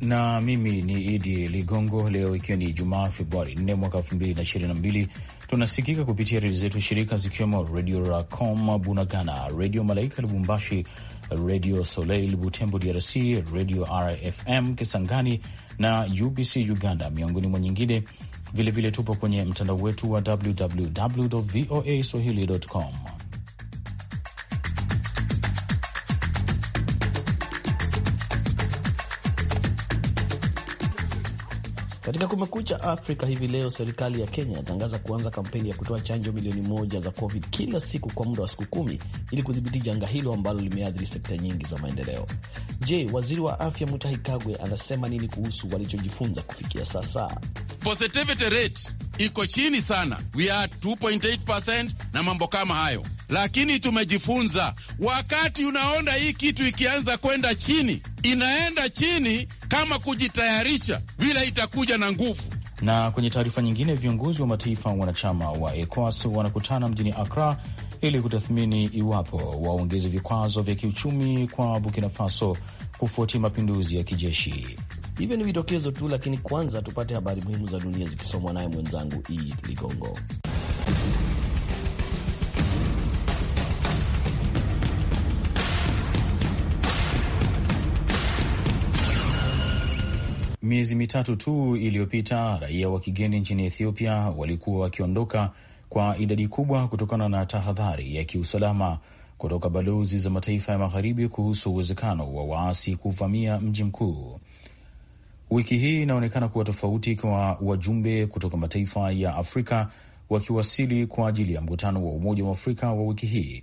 na mimi ni Idi Ligongo. Leo ikiwa ni jumaa Februari 4 mwaka 2022, tunasikika kupitia redio zetu shirika zikiwemo Redio Racom Bunagana, Redio Malaika Lubumbashi, Redio Soleil Butembo DRC, Redio RFM Kisangani na UBC Uganda, miongoni mwa nyingine. Vilevile tupo kwenye mtandao wetu wa www voa swahili.com. Katika Kumekucha Afrika hivi leo, serikali ya Kenya inatangaza kuanza kampeni ya kutoa chanjo milioni moja za COVID kila siku kwa muda wa siku kumi ili kudhibiti janga hilo ambalo limeathiri sekta nyingi za maendeleo. Je, waziri wa afya Mutahi Kagwe anasema nini kuhusu walichojifunza kufikia sasa? Positivity rate iko chini sana, we are 2.8% na mambo kama hayo, lakini tumejifunza. Wakati unaona hii kitu ikianza kwenda chini, inaenda chini kama kujitayarisha, vila itakuja na nguvu na kwenye taarifa nyingine, viongozi wa mataifa wanachama wa ECOWAS wanakutana mjini Accra ili kutathmini iwapo waongeze vikwazo vya kiuchumi kwa Burkina Faso kufuatia mapinduzi ya kijeshi. Hivyo ni vidokezo tu, lakini kwanza tupate habari muhimu za dunia zikisomwa naye mwenzangu Ed Ligongo. Miezi mitatu tu iliyopita raia wa kigeni nchini Ethiopia walikuwa wakiondoka kwa idadi kubwa kutokana na tahadhari ya kiusalama kutoka balozi za mataifa ya magharibi kuhusu uwezekano wa waasi kuvamia mji mkuu. Wiki hii inaonekana kuwa tofauti kwa wajumbe kutoka mataifa ya Afrika wakiwasili kwa ajili ya mkutano wa Umoja wa Afrika wa wiki hii,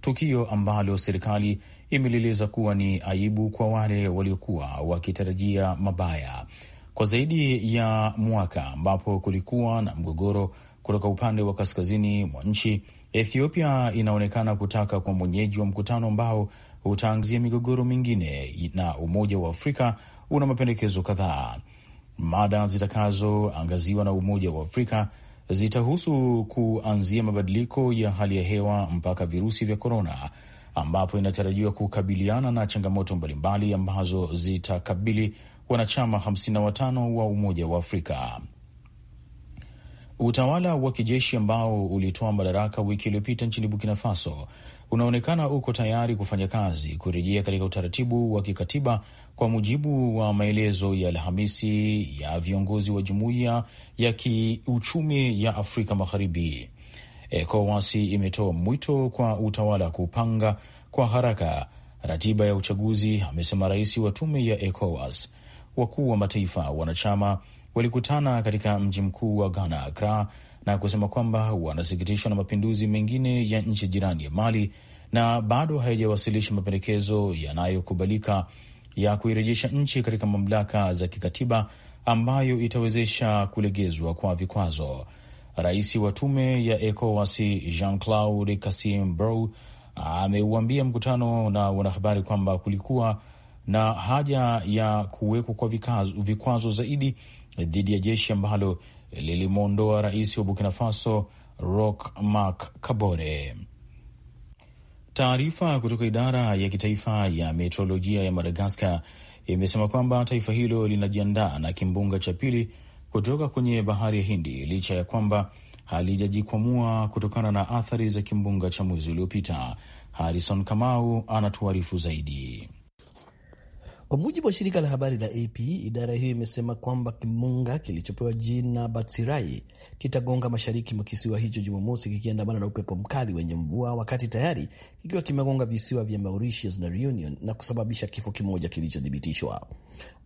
tukio ambalo serikali imelieleza kuwa ni aibu kwa wale waliokuwa wakitarajia mabaya kwa zaidi ya mwaka, ambapo kulikuwa na mgogoro kutoka upande wa kaskazini mwa nchi, Ethiopia inaonekana kutaka kwa mwenyeji wa mkutano ambao utaangazia migogoro mingine, na Umoja wa Afrika una mapendekezo kadhaa. Mada zitakazoangaziwa na Umoja wa Afrika zitahusu kuanzia mabadiliko ya hali ya hewa mpaka virusi vya korona, ambapo inatarajiwa kukabiliana na changamoto mbalimbali ambazo zitakabili wanachama 55 wa Umoja wa Afrika. Utawala wa kijeshi ambao ulitoa madaraka wiki iliyopita nchini Burkina Faso unaonekana uko tayari kufanya kazi kurejea katika utaratibu wa kikatiba kwa mujibu wa maelezo ya Alhamisi ya viongozi wa jumuiya ya kiuchumi ya Afrika Magharibi. ECOWAS imetoa mwito kwa utawala kupanga kwa haraka ratiba ya uchaguzi, amesema rais wa tume ya ECOWAS. Wakuu wa mataifa wanachama walikutana katika mji mkuu wa Ghana, Accra, na kusema kwamba wanasikitishwa na mapinduzi mengine ya nchi jirani ya Mali na bado haijawasilisha mapendekezo yanayokubalika ya kuirejesha nchi katika mamlaka za kikatiba ambayo itawezesha kulegezwa kwa vikwazo. Rais wa tume ya ECOWAS Jean Claude Kassim Brou ameuambia mkutano na wanahabari kwamba kulikuwa na haja ya kuwekwa kwa vikwazo zaidi dhidi ya jeshi ambalo lilimwondoa rais wa Burkina Faso Rock Marc Kabore. Taarifa kutoka idara ya kitaifa ya meteorolojia ya Madagaskar imesema kwamba taifa hilo linajiandaa na kimbunga cha pili kutoka kwenye bahari ya Hindi licha ya kwamba halijajikwamua kutokana na athari za kimbunga cha mwezi uliopita. Harison Kamau anatuarifu zaidi. Kwa mujibu wa shirika la habari la AP, idara hiyo imesema kwamba kimbunga kilichopewa jina Batsirai kitagonga mashariki mwa kisiwa hicho Jumamosi, kikiandamana na upepo mkali wenye mvua, wakati tayari kikiwa kimegonga visiwa vya Mauritius na Reunion na kusababisha kifo kimoja kilichothibitishwa.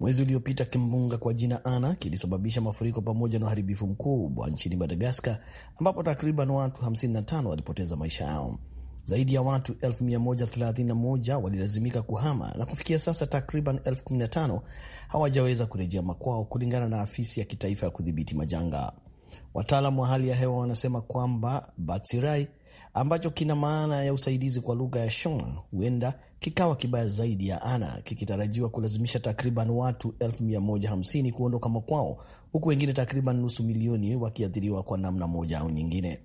Mwezi uliopita, kimbunga kwa jina Ana kilisababisha mafuriko pamoja na uharibifu mkubwa nchini Madagaskar, ambapo takriban watu 55 walipoteza maisha yao. Zaidi ya watu 131 walilazimika kuhama na kufikia sasa takriban 15 hawajaweza kurejea makwao, kulingana na afisi ya kitaifa ya kudhibiti majanga. Wataalam wa hali ya hewa wanasema kwamba Batsirai, ambacho kina maana ya usaidizi kwa lugha ya Shona, huenda kikawa kibaya zaidi ya Ana, kikitarajiwa kulazimisha takriban watu 150 kuondoka makwao, huku wengine takriban nusu milioni wakiathiriwa kwa namna moja au nyingine.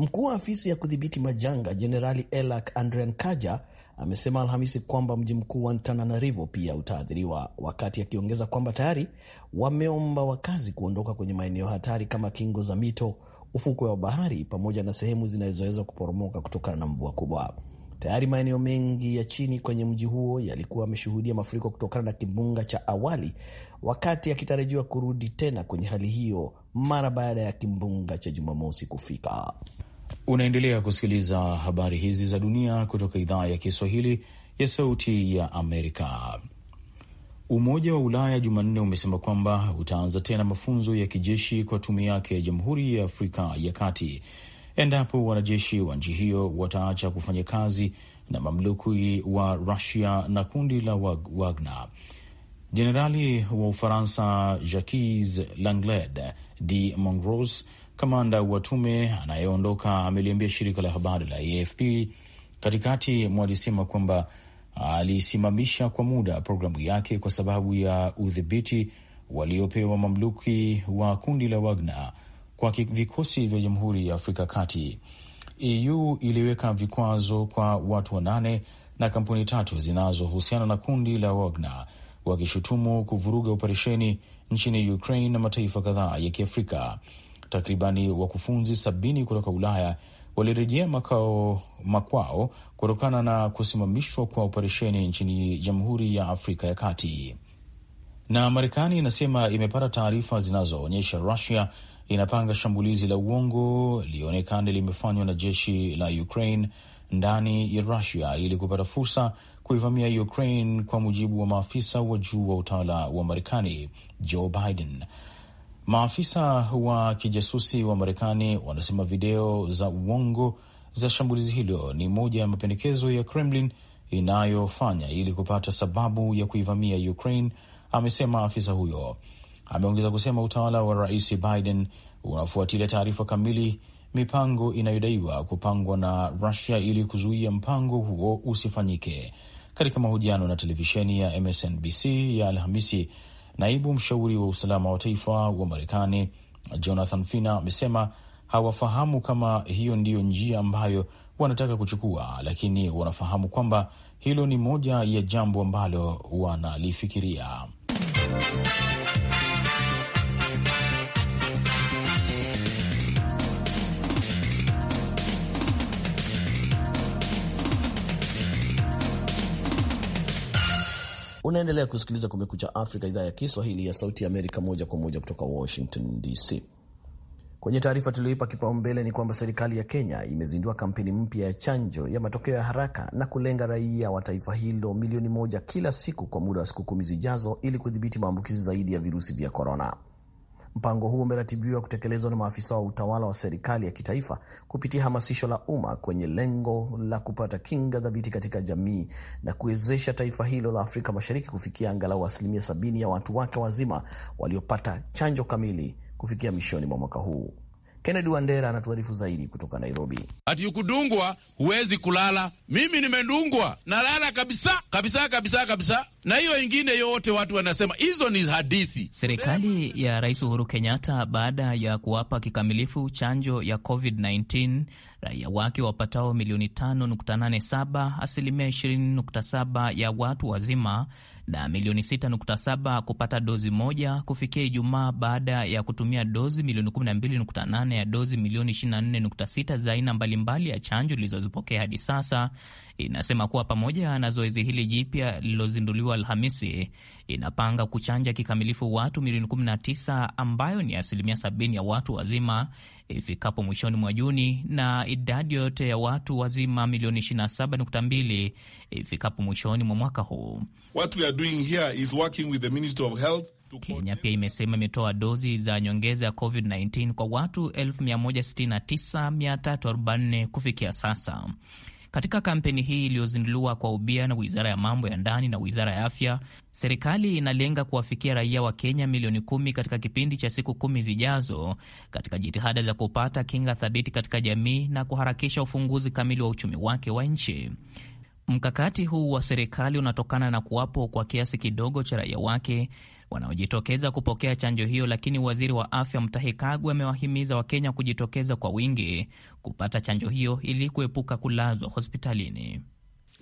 Mkuu wa afisi ya kudhibiti majanga Jenerali Elak Andrian Kaja amesema Alhamisi kwamba mji mkuu wa Antananarivo pia utaathiriwa, wakati akiongeza kwamba tayari wameomba wakazi kuondoka kwenye maeneo hatari kama kingo za mito, ufukwe wa bahari pamoja na sehemu zinazoweza kuporomoka kutokana na mvua kubwa. Tayari maeneo mengi ya chini kwenye mji huo yalikuwa yameshuhudia mafuriko kutokana na kimbunga cha awali, wakati akitarajiwa kurudi tena kwenye hali hiyo mara baada ya kimbunga cha Jumamosi kufika. Unaendelea kusikiliza habari hizi za dunia kutoka idhaa ya Kiswahili ya Sauti ya Amerika. Umoja wa Ulaya Jumanne umesema kwamba utaanza tena mafunzo ya kijeshi kwa tume yake ya Jamhuri ya Afrika ya Kati endapo wanajeshi wa nchi hiyo wataacha kufanya kazi na mamluki wa Rusia na kundi la Wagner. Jenerali wa Ufaransa Jacques Langled de Mongros Kamanda wa tume anayeondoka ameliambia shirika la habari la AFP katikati mwa Desemba kwamba alisimamisha kwa muda programu yake kwa sababu ya udhibiti waliopewa mamluki wa kundi la Wagner kwa vikosi vya Jamhuri ya Afrika Kati. EU iliweka vikwazo kwa watu wanane na kampuni tatu zinazohusiana na kundi la Wagner wakishutumu kuvuruga operesheni nchini Ukraine na mataifa kadhaa ya Kiafrika. Takribani wakufunzi sabini kutoka Ulaya walirejea makao makwao kutokana na kusimamishwa kwa operesheni nchini Jamhuri ya Afrika ya Kati. Na Marekani inasema imepata taarifa zinazoonyesha Rusia inapanga shambulizi la uongo lionekana limefanywa na jeshi la Ukraine ndani ya Rusia ili kupata fursa kuivamia Ukraine, kwa mujibu wa maafisa wa juu wa utawala wa Marekani Joe Biden. Maafisa wa kijasusi wa Marekani wanasema video za uongo za shambulizi hilo ni moja ya mapendekezo ya Kremlin inayofanya ili kupata sababu ya kuivamia Ukraine, amesema afisa huyo. Ameongeza kusema utawala wa Rais Biden unafuatilia taarifa kamili mipango inayodaiwa kupangwa na Rusia ili kuzuia mpango huo usifanyike. Katika mahojiano na televisheni ya MSNBC ya Alhamisi, Naibu mshauri wa usalama wa taifa wa Marekani Jonathan Fina amesema hawafahamu kama hiyo ndiyo njia ambayo wanataka kuchukua, lakini wanafahamu kwamba hilo ni moja ya jambo ambalo wanalifikiria. Unaendelea kusikiliza Kumekucha Afrika, idhaa ya Kiswahili ya Sauti Amerika, moja kwa moja kutoka Washington DC. Kwenye taarifa tulioipa kipaumbele ni kwamba serikali ya Kenya imezindua kampeni mpya ya chanjo ya matokeo ya haraka na kulenga raia wa taifa hilo milioni moja kila siku kwa muda wa siku kumi zijazo ili kudhibiti maambukizi zaidi ya virusi vya korona. Mpango huo umeratibiwa kutekelezwa na maafisa wa utawala wa serikali ya kitaifa kupitia hamasisho la umma kwenye lengo la kupata kinga dhabiti katika jamii na kuwezesha taifa hilo la Afrika Mashariki kufikia angalau asilimia sabini ya watu wake wazima waliopata chanjo kamili kufikia mwishoni mwa mwaka huu. Kennedy Wandera anatuarifu zaidi kutoka Nairobi. Ati ukudungwa huwezi kulala. Mimi nimedungwa nalala kabisa kabisa kabisa kabisa, na hiyo ingine yote watu wanasema hizo ni hadithi. Serikali ya Rais Uhuru Kenyatta baada ya kuwapa kikamilifu chanjo ya COVID-19 raia wake wapatao milioni 5.87, asilimia 20.7 ya watu wazima na milioni 6.7 kupata dozi moja kufikia Ijumaa baada ya kutumia dozi milioni 12.8 ya dozi milioni 24.6 za aina mbalimbali ya chanjo ilizozipokea hadi sasa. Inasema kuwa pamoja na zoezi hili jipya lililozinduliwa Alhamisi, inapanga kuchanja kikamilifu watu milioni 19, ambayo ni asilimia 70 ya watu wazima ifikapo mwishoni mwa Juni na idadi yoyote ya watu wazima milioni 27.2 ifikapo mwishoni mwa mwaka huu. Kenya pia imesema imetoa dozi za nyongeza ya COVID-19 kwa watu 169,344 kufikia sasa. Katika kampeni hii iliyozinduliwa kwa ubia na wizara ya mambo ya ndani na wizara ya afya, serikali inalenga kuwafikia raia wa Kenya milioni kumi katika kipindi cha siku kumi zijazo, katika jitihada za kupata kinga thabiti katika jamii na kuharakisha ufunguzi kamili wa uchumi wake wa nchi. Mkakati huu wa serikali unatokana na kuwapo kwa kiasi kidogo cha raia wake wanaojitokeza kupokea chanjo hiyo, lakini waziri wa afya Mutahi Kagwe amewahimiza Wakenya kujitokeza kwa wingi kupata chanjo hiyo ili kuepuka kulazwa hospitalini.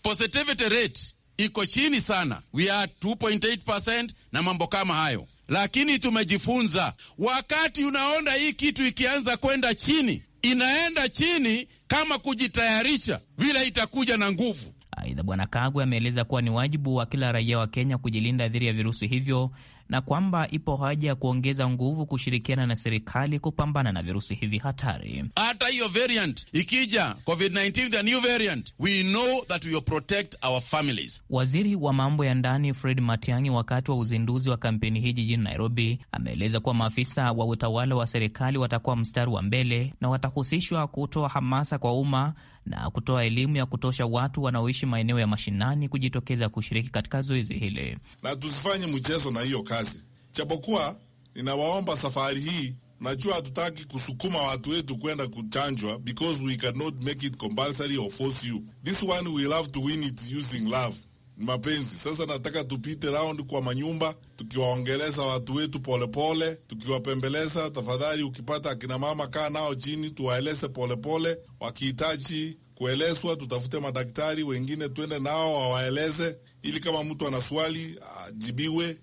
Positivity rate iko chini sana, we are 2.8% na mambo kama hayo, lakini tumejifunza, wakati unaona hii kitu ikianza kwenda chini, inaenda chini kama kujitayarisha vile itakuja na nguvu Aidha, Bwana Kagwe ameeleza kuwa ni wajibu wa kila raia wa Kenya kujilinda dhidi ya virusi hivyo na kwamba ipo haja ya kuongeza nguvu kushirikiana na serikali kupambana na virusi hivi hatari. Hata hiyo variant ikija, COVID-19, the new variant, we know that we will protect our families. Waziri wa mambo ya ndani Fred Matiang'i, wakati wa uzinduzi wa kampeni hii jijini Nairobi, ameeleza kuwa maafisa wa utawala wa serikali watakuwa mstari wa mbele na watahusishwa kutoa hamasa kwa umma na kutoa elimu ya kutosha watu wanaoishi maeneo ya mashinani kujitokeza kushiriki katika zoezi hili, na tusifanye mchezo na hiyo kazi. Japokuwa ninawaomba safari hii, najua hatutaki kusukuma watu wetu kwenda kuchanjwa because we cannot make it compulsory or force you. This one we love to win it using love mapenzi. Sasa nataka tupite round kwa manyumba, tukiwaongeleza watu wetu polepole, tukiwapembeleza. Tafadhali, ukipata akinamama, kaa nao chini, tuwaeleze polepole. Wakihitaji kuelezwa, tutafute madaktari wengine, twende nao wawaeleze, ili kama mtu ana swali ajibiwe,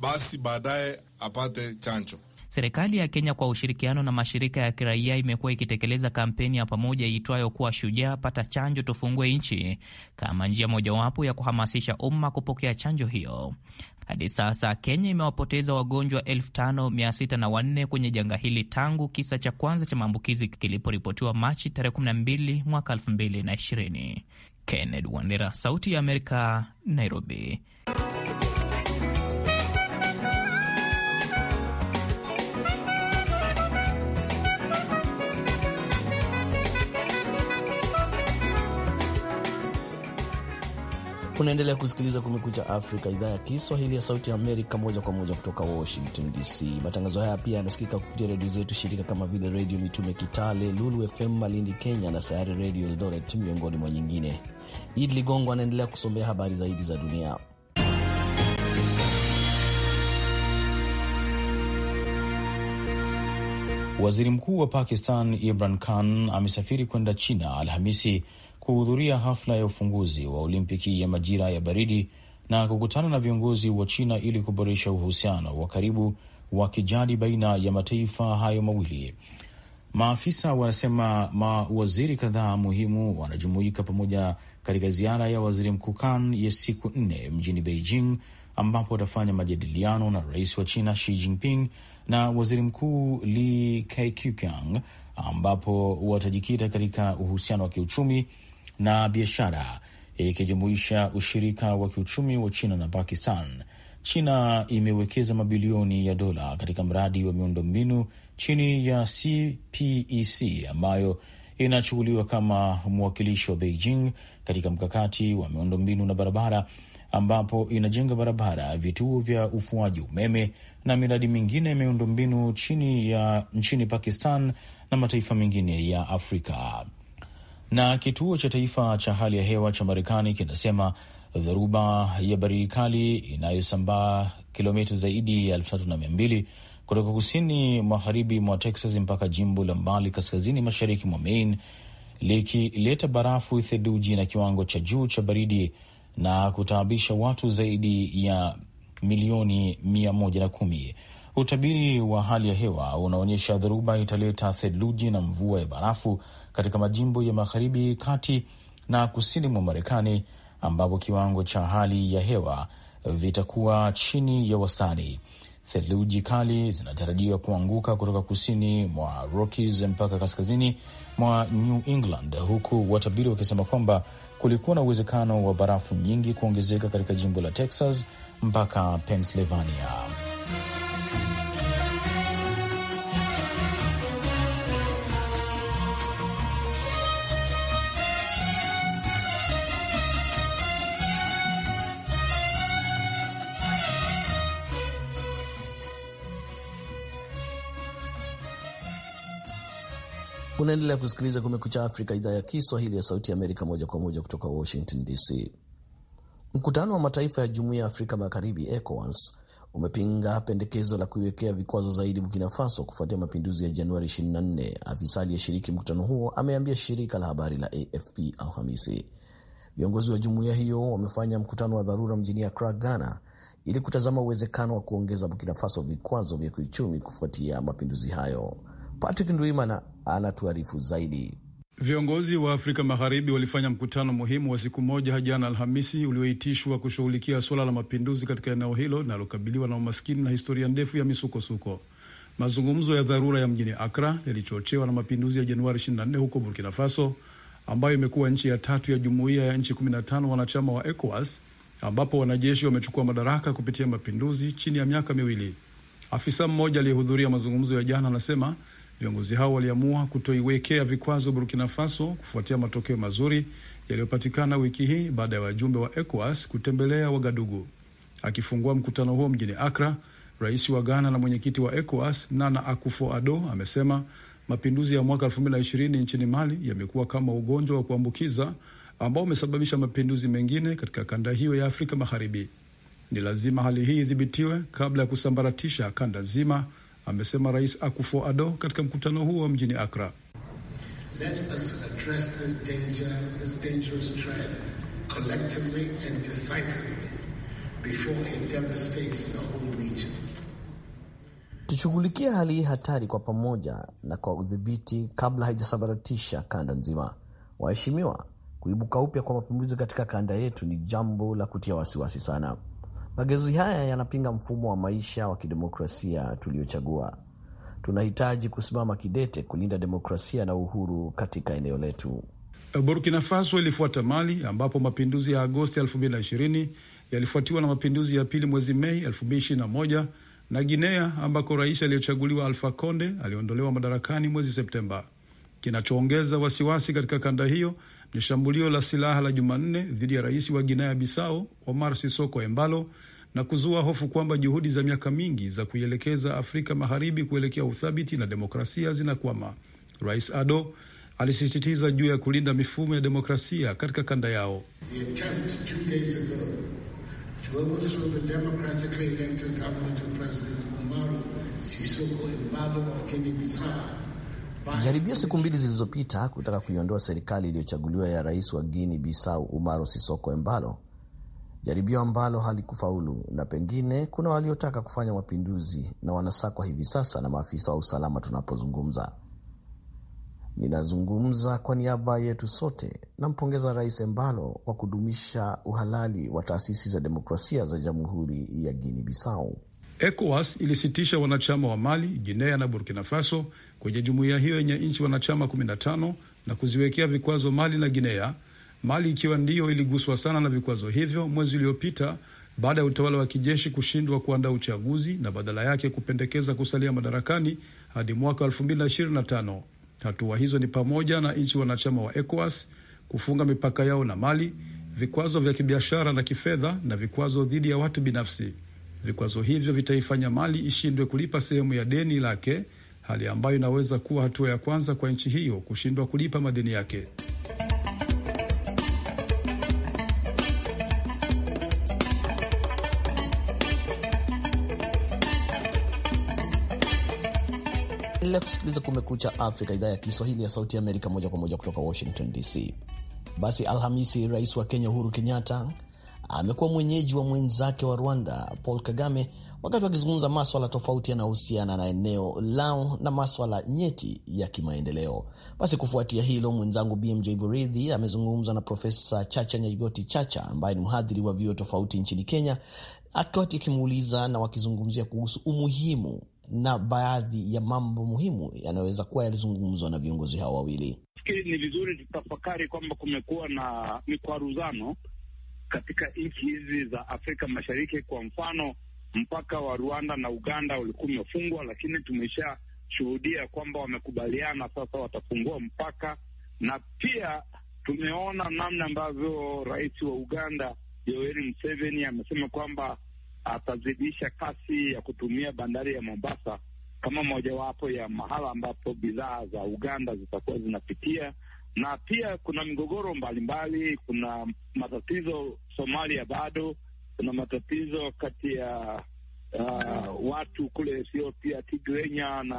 basi baadaye apate chanjo. Serikali ya Kenya kwa ushirikiano na mashirika ya kiraia imekuwa ikitekeleza kampeni ya pamoja iitwayo kuwa shujaa, pata chanjo, tufungue nchi, kama njia mojawapo ya kuhamasisha umma kupokea chanjo hiyo. Hadi sasa Kenya imewapoteza wagonjwa 5604 kwenye janga hili tangu kisa cha kwanza cha maambukizi kiliporipotiwa Machi tarehe 12 mwaka 2020. Kenneth Wandera, Sauti ya Amerika, Nairobi. Unaendelea kusikiliza Kumekucha Afrika, idhaa ya Kiswahili ya Sauti Amerika, moja kwa moja kutoka Washington DC. Matangazo haya pia yanasikika kupitia redio zetu shirika kama vile Redio Mitume Kitale, Lulu FM Malindi Kenya na Sayari Redio Eldoret, miongoni mwa nyingine. id Ligongo anaendelea kusomea habari zaidi za dunia. Waziri Mkuu wa Pakistan Imran Khan amesafiri kwenda China Alhamisi kuhudhuria hafla ya ufunguzi wa Olimpiki ya majira ya baridi na kukutana na viongozi wa China ili kuboresha uhusiano wa karibu wa kijadi baina ya mataifa hayo mawili. Maafisa wanasema mawaziri kadhaa muhimu wanajumuika pamoja katika ziara ya waziri mkuu Kan ya siku nne mjini Beijing, ambapo watafanya majadiliano na rais wa China Xi Jinping na waziri mkuu Li Keqiang, ambapo watajikita katika uhusiano wa kiuchumi na biashara ikijumuisha ushirika wa kiuchumi wa China na Pakistan. China imewekeza mabilioni ya dola katika mradi wa miundombinu chini ya CPEC e ambayo inachukuliwa kama mwakilishi wa Beijing katika mkakati wa miundombinu na barabara, ambapo inajenga barabara, vituo vya ufuaji umeme na miradi mingine ya miundombinu chini ya nchini Pakistan na mataifa mengine ya Afrika. Na kituo cha taifa cha hali ya hewa cha Marekani kinasema dhoruba ya baridi kali inayosambaa kilomita zaidi ya elfu tatu na mia mbili kutoka kusini magharibi mwa Texas mpaka jimbo la mbali kaskazini mashariki mwa Maine, likileta barafu, theluji na kiwango cha juu cha baridi na kutaabisha watu zaidi ya milioni mia moja na kumi Utabiri wa hali ya hewa unaonyesha dhoruba italeta theluji na mvua ya barafu katika majimbo ya magharibi, kati na kusini mwa Marekani, ambapo kiwango cha hali ya hewa vitakuwa chini ya wastani. Theluji kali zinatarajiwa kuanguka kutoka kusini mwa Rockies mpaka kaskazini mwa New England, huku watabiri wakisema kwamba kulikuwa na uwezekano wa barafu nyingi kuongezeka katika jimbo la Texas mpaka Pennsylvania. Unaendelea kusikiliza Kumekucha Afrika, idhaa ya Kiswahili ya Sauti ya Amerika, moja kwa moja kutoka Washington DC. Mkutano wa Mataifa ya Jumuiya ya Afrika Magharibi, ECOWAS, umepinga pendekezo la kuiwekea vikwazo zaidi Burkina Faso kufuatia mapinduzi ya Januari 24. Afisa aliyeshiriki mkutano huo ameambia shirika la habari la AFP Alhamisi viongozi wa jumuiya hiyo wamefanya mkutano wa dharura mjini Accra, Ghana, ili kutazama uwezekano wa kuongeza Burkina Faso vikwazo vya kiuchumi kufuatia mapinduzi hayo. Patrick Ndwimana anatuarifu zaidi. Viongozi wa Afrika Magharibi walifanya mkutano muhimu wa siku moja jana Alhamisi ulioitishwa kushughulikia suala la mapinduzi katika eneo hilo linalokabiliwa na umaskini na historia ndefu ya misukosuko. Mazungumzo ya dharura ya mjini Akra yalichochewa na mapinduzi ya Januari 24 huko Burkina Faso, ambayo imekuwa nchi ya tatu ya jumuiya ya nchi 15 wanachama wa ECOWAS ambapo wanajeshi wamechukua madaraka kupitia mapinduzi chini ya miaka miwili. Afisa mmoja aliyehudhuria mazungumzo ya jana anasema Viongozi hao waliamua kutoiwekea vikwazo Burkina Faso kufuatia matokeo mazuri yaliyopatikana wiki hii baada ya wajumbe wa ECOWAS kutembelea Wagadugu. Akifungua mkutano huo mjini Akra, rais wa Ghana na mwenyekiti wa ECOWAS Nana akufo ado amesema mapinduzi ya mwaka 2020 nchini Mali yamekuwa kama ugonjwa wa kuambukiza ambao umesababisha mapinduzi mengine katika kanda hiyo ya Afrika Magharibi. Ni lazima hali hii idhibitiwe kabla ya kusambaratisha kanda nzima, amesema Rais akufo ado katika mkutano huo mjini Akra. Let us address this danger, this dangerous trend collectively and decisively before it devastates the whole region. Tushughulikie hali hii hatari kwa pamoja na kwa udhibiti kabla haijasambaratisha kanda nzima. Waheshimiwa, kuibuka upya kwa mapinduzi katika kanda yetu ni jambo la kutia wasiwasi sana. Mageuzi haya yanapinga mfumo wa maisha wa kidemokrasia tuliochagua. Tunahitaji kusimama kidete kulinda demokrasia na uhuru katika eneo letu. Burkina Faso ilifuata Mali, ambapo mapinduzi ya Agosti 2020 yalifuatiwa na mapinduzi ya pili mwezi Mei 2021 na Guinea, ambako rais aliyechaguliwa Alfa Conde aliondolewa madarakani mwezi Septemba. Kinachoongeza wasiwasi katika kanda hiyo ni shambulio la silaha la Jumanne dhidi ya rais wa Guinea Bissau Omar Sisoko Embalo na kuzua hofu kwamba juhudi za miaka mingi za kuielekeza Afrika Magharibi kuelekea uthabiti na demokrasia zinakwama. Rais Ado alisisitiza juu ya kulinda mifumo ya demokrasia katika kanda yao. Bissau Jaribio siku mbili zilizopita kutaka kuiondoa serikali iliyochaguliwa ya rais wa Guinea Bissau Umaro Sisoko Embalo, jaribio ambalo halikufaulu, na pengine kuna waliotaka kufanya mapinduzi na wanasakwa hivi sasa na maafisa wa usalama. Tunapozungumza, ninazungumza kwa niaba yetu sote. Nampongeza Rais Embalo kwa kudumisha uhalali wa taasisi za demokrasia za jamhuri ya Guinea Bissau. ECOWAS ilisitisha wanachama wa Mali, Guinea na Burkina Faso kwenye jumuiya hiyo yenye nchi wanachama 15 na kuziwekea vikwazo Mali na Guinea, Mali ikiwa ndiyo iliguswa sana na vikwazo hivyo mwezi uliopita baada ya utawala wa kijeshi kushindwa kuandaa uchaguzi na badala yake kupendekeza kusalia madarakani hadi mwaka 2025. Hatua hizo ni pamoja na nchi wanachama wa ECOWAS kufunga mipaka yao na Mali, vikwazo vya kibiashara na kifedha na vikwazo dhidi ya watu binafsi. Vikwazo hivyo vitaifanya Mali ishindwe kulipa sehemu ya deni lake hali ambayo inaweza kuwa hatua ya kwanza kwa nchi hiyo kushindwa kulipa madeni yake. Endelea kusikiliza Kumekucha Afrika, idhaa ya Kiswahili ya Sauti ya Amerika, moja kwa moja kutoka Washington DC. Basi Alhamisi, rais wa Kenya Uhuru Kenyatta amekuwa mwenyeji wa mwenzake wa Rwanda Paul Kagame wakati wakizungumza maswala tofauti yanayohusiana na eneo lao na maswala nyeti ya kimaendeleo. Basi kufuatia hilo, mwenzangu BMJ Buridhi amezungumza na Profesa Chacha Nyaigoti Chacha ambaye ni mhadhiri wa vyuo tofauti nchini Kenya, akati akimuuliza na wakizungumzia kuhusu umuhimu na baadhi ya mambo muhimu yanayoweza kuwa yalizungumzwa na viongozi hao wawili. Nafikiri ni vizuri tutafakari kwamba kumekuwa na mikwaruzano katika nchi hizi za Afrika Mashariki. Kwa mfano, mpaka wa Rwanda na Uganda ulikuwa umefungwa, lakini tumeshashuhudia kwamba wamekubaliana sasa watafungua mpaka, na pia tumeona namna ambavyo rais wa Uganda Yoweri Museveni amesema kwamba atazidisha kasi ya kutumia bandari ya Mombasa kama mojawapo ya mahala ambapo bidhaa za Uganda zitakuwa zinapitia, na pia kuna migogoro mbalimbali, kuna matatizo Somalia bado kuna matatizo kati ya uh, watu kule Ethiopia, Tigrenya na,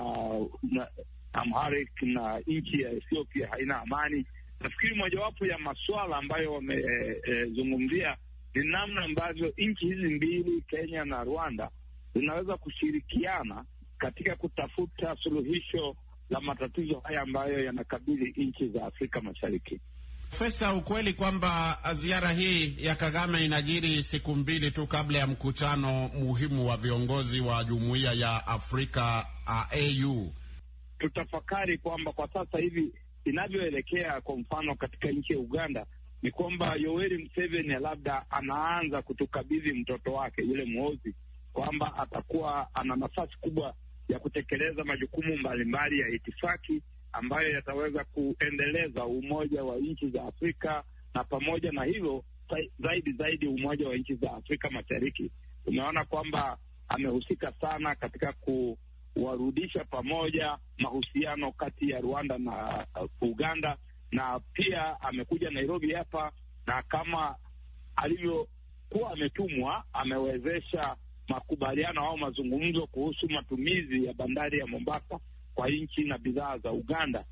na Amharic na nchi ya Ethiopia haina amani. Nafikiri mojawapo ya masuala ambayo wamezungumzia eh, eh, e, ni namna ambavyo nchi hizi mbili Kenya na Rwanda zinaweza kushirikiana katika kutafuta suluhisho la matatizo haya ambayo yanakabili nchi za Afrika Mashariki. Fesa, ukweli kwamba ziara hii ya Kagame inajiri siku mbili tu kabla ya mkutano muhimu wa viongozi wa jumuiya ya Afrika AU. Tutafakari kwamba kwa sasa hivi inavyoelekea, kwa mfano katika nchi ya Uganda ni kwamba Yoweri Museveni labda anaanza kutukabidhi mtoto wake yule mwozi, kwamba atakuwa ana nafasi kubwa ya kutekeleza majukumu mbalimbali ya itifaki ambayo yataweza kuendeleza umoja wa nchi za Afrika na pamoja na hivyo zaidi zaidi umoja wa nchi za Afrika Mashariki. Tumeona kwamba amehusika sana katika kuwarudisha pamoja mahusiano kati ya Rwanda na uh, Uganda, na pia amekuja Nairobi hapa, na kama alivyokuwa ametumwa, amewezesha makubaliano au mazungumzo kuhusu matumizi ya bandari ya Mombasa kwa nchi na bidhaa za Uganda.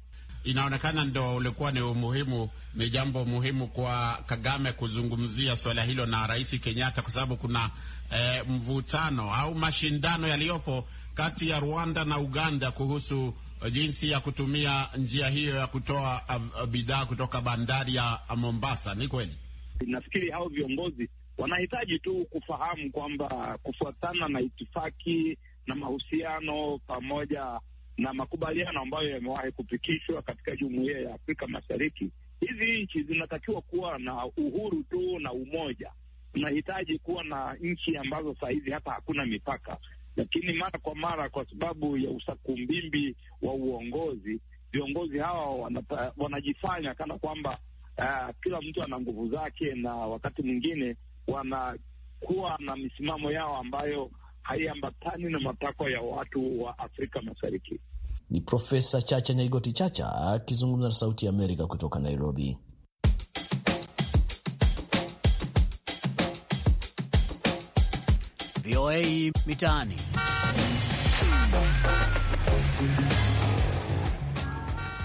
Inaonekana ndo ulikuwa ni umuhimu, ni jambo muhimu kwa Kagame kuzungumzia swala hilo na Rais Kenyatta kwa sababu kuna eh, mvutano au mashindano yaliyopo kati ya Rwanda na Uganda kuhusu jinsi ya kutumia njia hiyo ya kutoa eh, bidhaa kutoka bandari ya Mombasa. Ni kweli, nafikiri hao viongozi wanahitaji tu kufahamu kwamba kufuatana na itifaki na mahusiano pamoja na makubaliano ambayo yamewahi kupitishwa katika jumuiya ya Afrika Mashariki. Hizi nchi zinatakiwa kuwa na uhuru tu na umoja. Tunahitaji kuwa na nchi ambazo saa hizi hata hakuna mipaka, lakini mara kwa mara, kwa sababu ya usakumbimbi wa uongozi, viongozi hawa wanata, wanajifanya kana kwamba uh, kila mtu ana nguvu zake, na wakati mwingine wanakuwa na misimamo yao ambayo haiambatani na matakwa ya watu wa Afrika Mashariki. Ni Profesa Chacha Nyaigoti Chacha akizungumza na Sauti ya Amerika kutoka Nairobi. VOA Mitaani.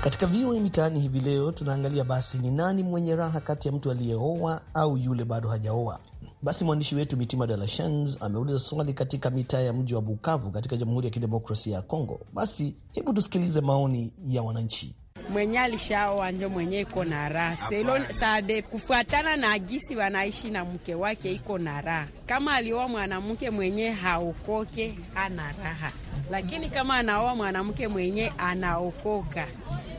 Katika VOA Mitaani hivi leo tunaangalia basi ni nani mwenye raha kati ya mtu aliyeoa au yule bado hajaoa. Basi mwandishi wetu Mitima De La Shans ameuliza swali katika mitaa ya mji wa Bukavu katika Jamhuri ya Kidemokrasia ya Kongo. Basi hebu tusikilize maoni ya wananchi. Mwenye alishaoa njo mwenye iko na raha selo sade, kufuatana na gisi wanaishi na mke wake, iko na raha. Kama alioa mwanamke mwenye haokoke, ana raha, lakini kama anaoa mwanamke mwenye anaokoka,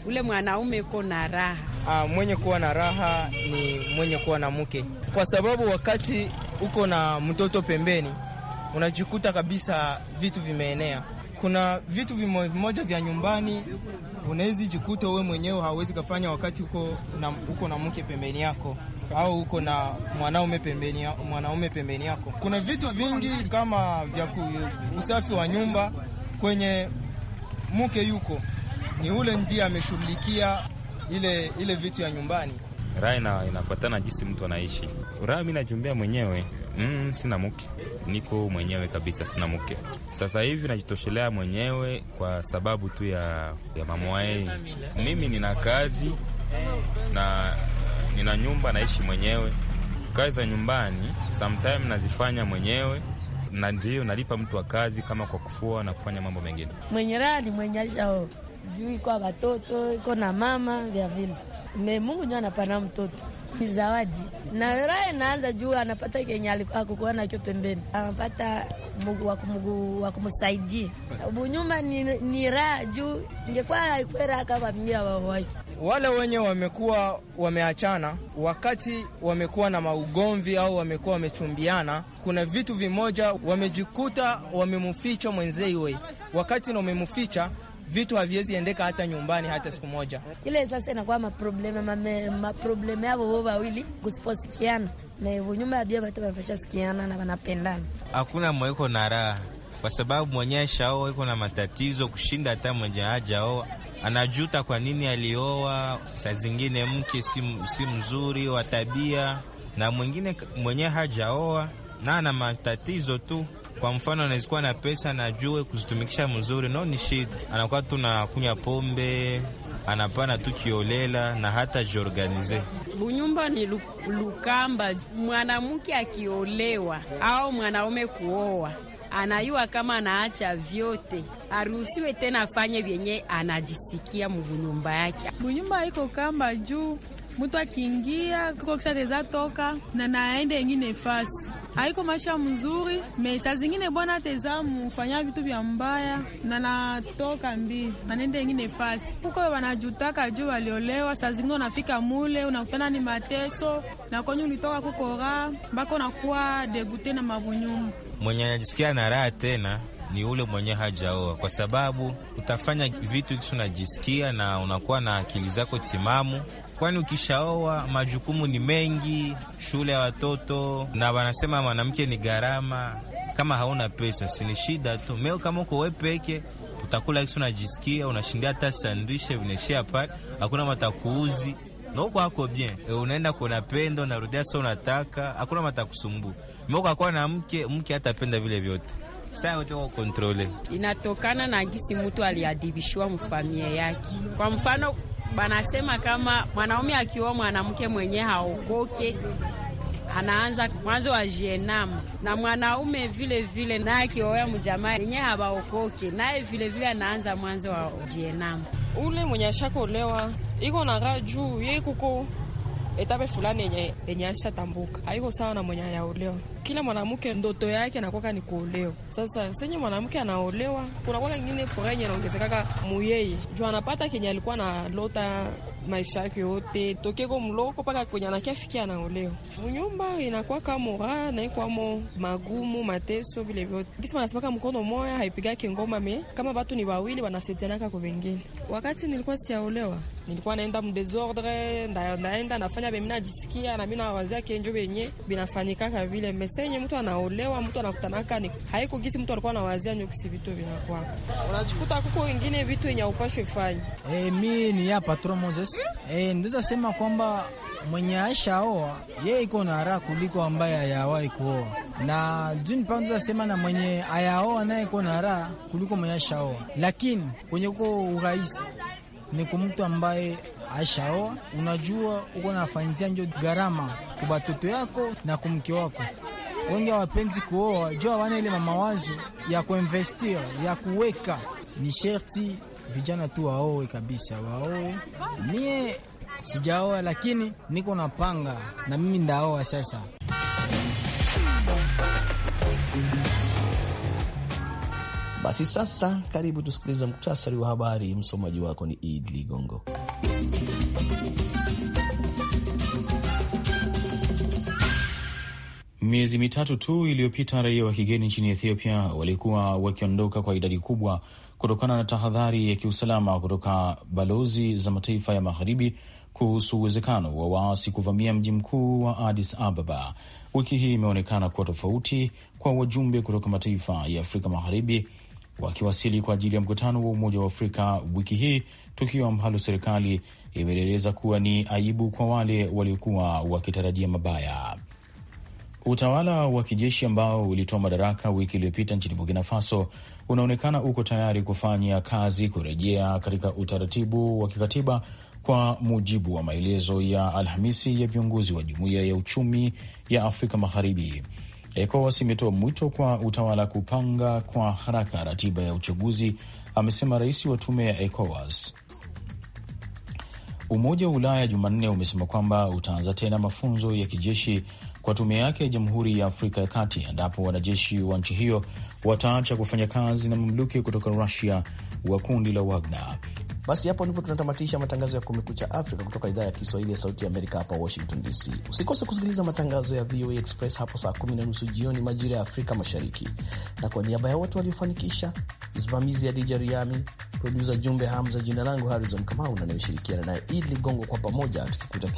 ule mwanaume iko na raha uh, mwenye kuwa na raha ni mwenye kuwa na mke, kwa sababu wakati uko na mtoto pembeni unajikuta kabisa vitu vimeenea. Kuna vitu vimoja vya nyumbani unawezi jikuta wewe mwenyewe hauwezi kafanya wakati uko na, uko na mke pembeni yako au uko na mwanaume pembeni, mwanaume pembeni yako. Kuna vitu vingi kama vya usafi wa nyumba kwenye mke yuko, ni ule ndiye ameshughulikia ile ile vitu ya nyumbani. Raha inafuatana jinsi mtu anaishi. Raha mi najumbea mwenyewe mm, sina mke, niko mwenyewe kabisa, sina mke. Sasa hivi najitoshelea mwenyewe kwa sababu tu ya, ya mamwae. Mimi nina kazi na nina nyumba, naishi mwenyewe. Kazi za nyumbani sometimes nazifanya mwenyewe na ndio nalipa mtu wa kazi, kama kwa kufua na kufanya mambo mengine. Mwenye raha ni mwenye alishaoa juu iko watoto iko na mama vya vile me Mungu ndio anapana mtoto ni zawadi, na raha naanza juu anapata kenye alikuwa nakyo pembeni, anapata wa kumsaidia bunyuma ni, ni raha juu. Ingekuwa haikuwa raha kama mia wale wenye wamekuwa wameachana wakati wamekuwa na maugomvi au wamekuwa wamechumbiana, kuna vitu vimoja wamejikuta wamemficha mwenzeiwe, wakati na umemficha vitu haviwezi endeka hata nyumbani hata siku moja. Ile sasa inakuwa maprobleme maprobleme yavo wao wawili kusiposikiana na hivyo nyumba ya bia batu sikiana na wanapendana hakuna mweko na raha, kwa sababu mwenye aishaoa iko na matatizo kushinda hata mwenye hajaoa anajuta kwa nini alioa. Saa zingine mke si, si mzuri wa tabia, na mwingine mwenye hajaoa na ana matatizo tu kwa mfano anazikuwa na pesa najue kuzitumikisha mzuri, no ni shida, anakuwa tu na kunya pombe, anapana tu kiolela na hata jiorganize bunyumba ni lukamba. Mwanamke akiolewa au mwanaume kuoa anayua kama anaacha vyote, aruhusiwe tena afanye vyenye anajisikia mubunyumba yake. Bunyumba iko kamba juu mtu akiingia kuko na naende engine fasi haiko maisha mzuri me saa zingine bwana teza mufanya vitu vya mbaya na natoka mbii nanende ingine fasi huko wanajutaka juu waliolewa. Saa zingine unafika mule unakutana ni mateso na kwenye ulitoka kukora mpaka unakuwa degute na mabunyuma. Mwenye anajisikia na raha tena ni ule mwenye hajaoa, kwa sababu utafanya vitu kisi unajisikia na unakuwa na akili zako timamu kwani ukishaoa majukumu ni mengi, shule ya watoto, na wanasema mwanamke ni gharama. Kama hauna pesa sini shida tu meo, kama uko wewe peke utakula kisi unajisikia unashindia, hata sandwishe vineshia pale, hakuna matakuuzi nauko hako bien e, unaenda kuna pendo narudia, sa, unataka hakuna matakusumbu meko akwa na mke mke hatapenda vile vyote saa yote kwa kontrole, inatokana na gisi mtu aliadibishwa mfamia yake, kwa mfano Banasema kama mwanaume akiwa mwanamke mwenye haokoke anaanza mwanzo wa jenam na mwanaume vile vile, naye akioa mjamaa yenye habaokoke naye vile vile anaanza mwanzo wa jenam. Ule mwenye ashakolewa iko na raha juu yeye kuko etape fulani yenye ashatambuka, haiko sawa na mwenye ayaolewa kila mwanamke ndoto yake anakwaka ni kuolewa. Sasa senye mwanamke anaolewa, kunakwaka ingine furaha yenye anaongezekaka muyeye juu anapata kenye alikuwa na lota maisha yake yote tokeko mloko mpaka kwenye anakiafikia anaolewa. Munyumba inakuwa inakwaka moraa naikwamo magumu mateso vile vyote, kisi wanasemaka mkono moya haipigake ngoma me kama batu ni wawili wanasetianaka kwa vengine. Wakati nilikuwa siaolewa nilikuwa naenda mdesordre, ndaenda nafanya bemina jisikia nami nawazia kenjo venye binafanyikaka vile me senye mtu anaolewa, mtu anakutanaka ni haiko gisi mtu alikuwa anawazia nyokusi, vitu vinakuwa unachukuta kuko wengine vitu yenye upashe fanya. Hey, eh, mi ni ya patron Moses hmm? Eh, hey, ndiza sema kwamba mwenye aisha oa ye iko na raha kuliko ambaye ayawahi kuoa, na juni panza sema na mwenye ayaoa naye iko na raha kuliko mwenye aisha oa, lakini kwenye uko urahisi ni kwa mtu ambaye aishaoa, unajua uko nafanyizia njo gharama kwa batoto yako na kumke wako wengi hawapenzi kuoa juu hawana ile mawazo ya kuinvestir ya kuweka. Ni sherti vijana tu waoe kabisa, waoe. Mie sijaoa, lakini niko napanga na mimi ndaoa sasa. Basi sasa, karibu tusikilize muktasari wa habari. Msomaji wako ni Id Ligongo. Miezi mitatu tu iliyopita, raia wa kigeni nchini Ethiopia walikuwa wakiondoka kwa idadi kubwa kutokana na tahadhari ya kiusalama kutoka balozi za mataifa ya magharibi kuhusu uwezekano wa waasi kuvamia mji mkuu wa Addis Ababa. Wiki hii imeonekana kuwa tofauti kwa wajumbe kutoka mataifa ya Afrika Magharibi wakiwasili kwa ajili ya mkutano wa Umoja wa Afrika wiki hii, tukio ambalo serikali imeeleza kuwa ni aibu kwa wale waliokuwa wakitarajia mabaya. Utawala wa kijeshi ambao ulitoa madaraka wiki iliyopita nchini Burkina Faso unaonekana uko tayari kufanya kazi kurejea katika utaratibu wa kikatiba kwa mujibu wa maelezo ya Alhamisi ya viongozi wa Jumuiya ya Uchumi ya Afrika Magharibi. ECOWAS imetoa mwito kwa utawala kupanga kwa haraka ratiba ya uchaguzi, amesema rais wa tume ya ECOWAS. Umoja wa Ulaya Jumanne umesema kwamba utaanza tena mafunzo ya kijeshi kwa tume yake ya Jamhuri ya Afrika ya Kati endapo wanajeshi wa nchi hiyo wataacha kufanya kazi na mamluki kutoka Rusia wa kundi la Wagner. Basi hapo ndipo tunatamatisha matangazo ya Kumekucha Afrika kutoka idhaa ya Kiswahili ya Sauti ya Amerika hapa Washington DC. Usikose kusikiliza matangazo ya VOA Express hapo saa kumi na nusu jioni majira ya Afrika Mashariki, na kwa niaba ya wote waliofanikisha msimamizi ya Dija Riami, produsa Jumbe Hamza, jina langu Harrison Kamau na anayoshirikiana naye Id Ligongo, kwa pamoja tukikuta